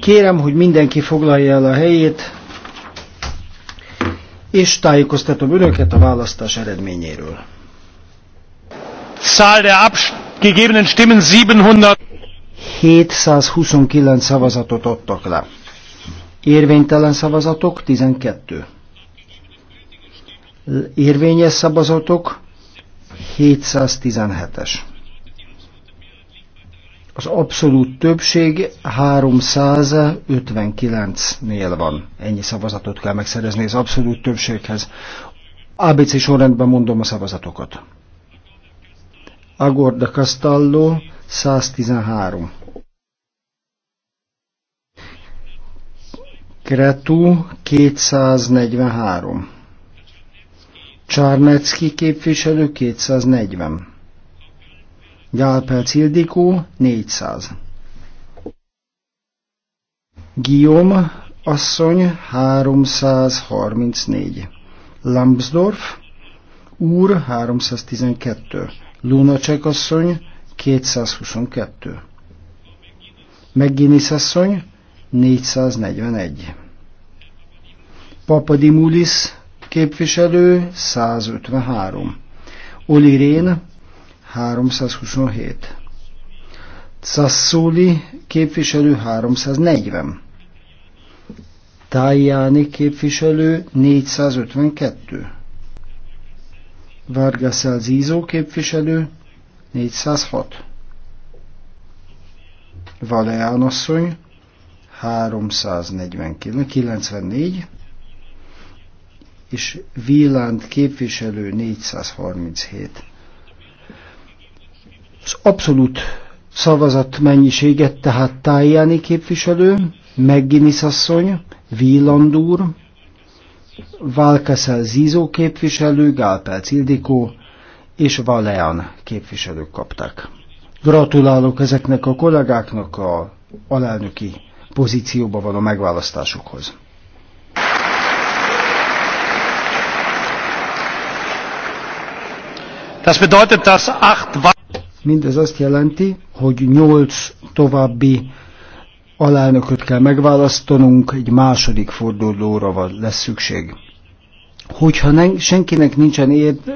Kérem, hogy mindenki foglalja el a helyét, és tájékoztatom önöket a választás eredményéről. de abs, gegebenen Stimmen 700. 729 szavazatot adtak le. Érvénytelen szavazatok 12. Érvényes szavazatok 717-es. Az abszolút többség 359-nél van. Ennyi szavazatot kell megszerezni az abszolút többséghez. ABC sorrendben mondom a szavazatokat. Agorda Castallo 113. Kretu 243. Csárnecki képviselő 240. Gálperc Ildikó 400. Guillaume asszony 334. Lambsdorff úr 312. Lunacek asszony 222. Megginis asszony 441. Papadimulis képviselő 153. Olirén 327. Casszóli képviselő 340. Tajani képviselő 452. Vargasel Zizó képviselő 406. Valeán asszony 394 és Villand képviselő 437. Abszolút szavazat mennyiséget, tehát Tájáni képviselő, Megginis asszony, Wieland úr, Zizó képviselő, Gálpel Cildikó és Valean képviselők kapták. Gratulálok ezeknek a kollégáknak a alelnöki pozícióba való megválasztásukhoz. Das bedeutet, dass acht Mindez azt jelenti, hogy nyolc további alelnököt kell megválasztanunk, egy második fordulóra van, lesz szükség. Hogyha nem, senkinek nincsen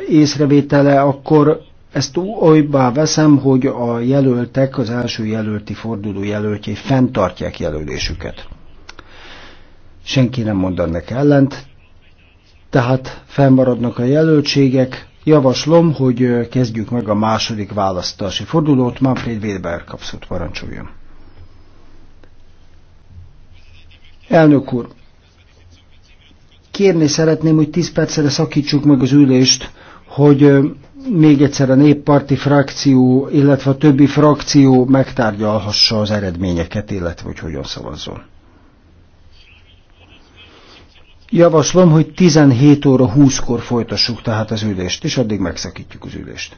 észrevétele, akkor ezt olybá veszem, hogy a jelöltek, az első jelölti forduló jelöltjei fenntartják jelölésüket. Senki nem mond ennek ellent, tehát felmaradnak a jelöltségek, Javaslom, hogy kezdjük meg a második választási fordulót. Manfred Weber kapszott parancsoljon. Elnök úr, kérni szeretném, hogy 10 percre szakítsuk meg az ülést, hogy még egyszer a néppárti frakció, illetve a többi frakció megtárgyalhassa az eredményeket, illetve hogy hogyan szavazzon. Javaslom, hogy 17 óra 20-kor folytassuk tehát az ülést, és addig megszakítjuk az ülést.